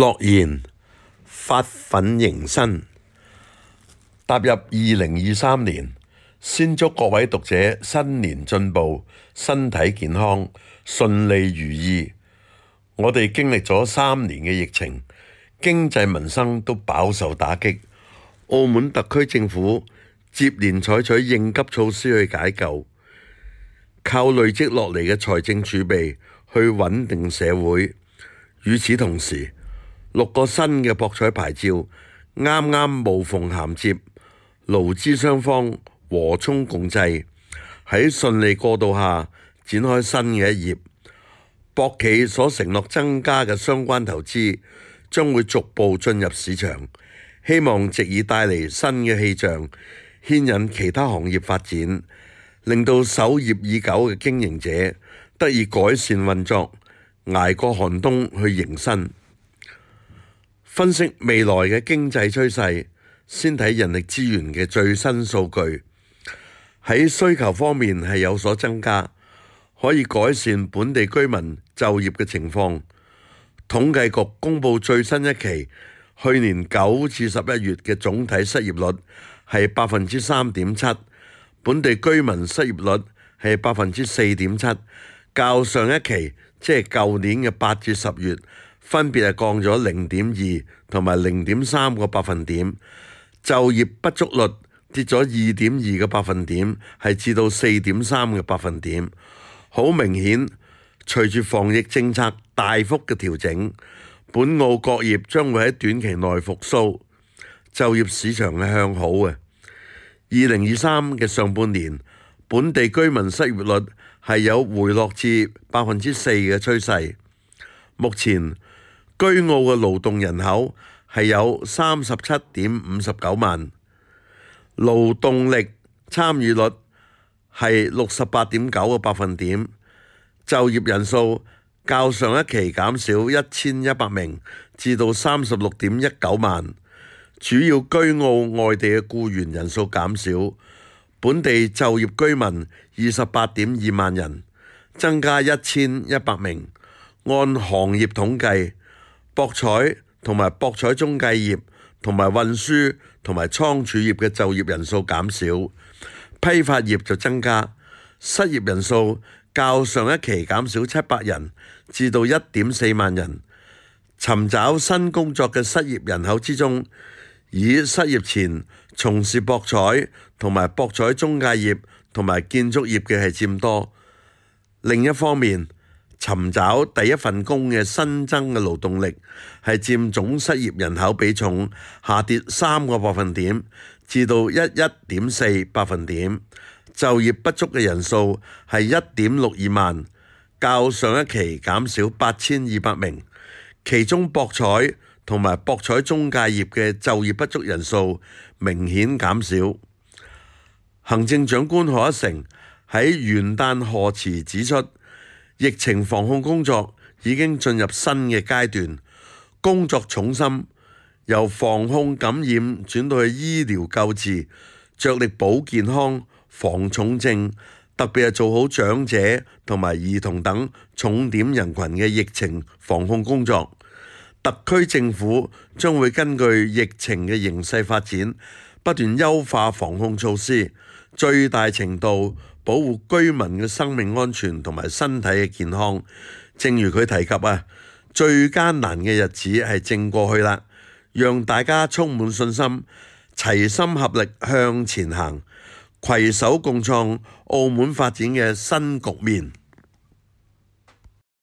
樂言發奮迎新，踏入二零二三年，先祝各位讀者新年進步，身體健康，順利如意。我哋經歷咗三年嘅疫情，經濟民生都飽受打擊。澳門特區政府接連採取應急措施去解救，靠累積落嚟嘅財政儲備去穩定社會。與此同時，六個新嘅博彩牌照啱啱無縫銜接，勞資雙方和衷共濟，喺順利過渡下展開新嘅一頁。博企所承諾增加嘅相關投資將會逐步進入市場，希望藉以帶嚟新嘅氣象，牽引其他行業發展，令到守業已久嘅經營者得以改善運作，捱過寒冬去迎新。分析未來嘅經濟趨勢，先睇人力資源嘅最新數據。喺需求方面係有所增加，可以改善本地居民就業嘅情況。統計局公布最新一期去年九至十一月嘅總體失業率係百分之三點七，本地居民失業率係百分之四點七，較上一期即係舊年嘅八至十月。分別係降咗零點二同埋零點三個百分點，就業不足率跌咗二點二個百分點，係至到四點三個百分點。好明顯，隨住防疫政策大幅嘅調整，本澳各業將會喺短期內復甦，就業市場係向好嘅。二零二三嘅上半年，本地居民失業率係有回落至百分之四嘅趨勢，目前。居澳嘅勞動人口係有三十七點五十九萬，勞動力參與率係六十八點九個百分點，就業人數較上一期減少一千一百名，至到三十六點一九萬。主要居澳外地嘅雇員人數減少，本地就業居民二十八點二萬人，增加一千一百名。按行業統計。博彩同埋博彩中介業、同埋運輸同埋倉儲業嘅就業人數減少，批發業就增加。失業人數較上一期減少七百人，至到一點四萬人。尋找新工作嘅失業人口之中，以失業前從事博彩同埋博彩中介業同埋建築業嘅係佔多。另一方面。尋找第一份工嘅新增嘅勞動力係佔總失業人口比重下跌三個百分點，至到一一點四百分點。就業不足嘅人數係一點六二萬，較上一期減少八千二百名。其中博彩同埋博彩中介業嘅就業不足人數明顯減少。行政長官賀一誠喺元旦賀詞指出。疫情防控工作已經進入新嘅階段，工作重心由防控感染轉到去醫療救治，着力保健康、防重症，特別係做好長者同埋兒童等重點人群嘅疫情防控工作。特區政府將會根據疫情嘅形勢發展，不斷優化防控措施。最大程度保護居民嘅生命安全同埋身體嘅健康，正如佢提及啊，最艱難嘅日子係正過去啦，讓大家充滿信心，齊心合力向前行，攜手共創澳門發展嘅新局面。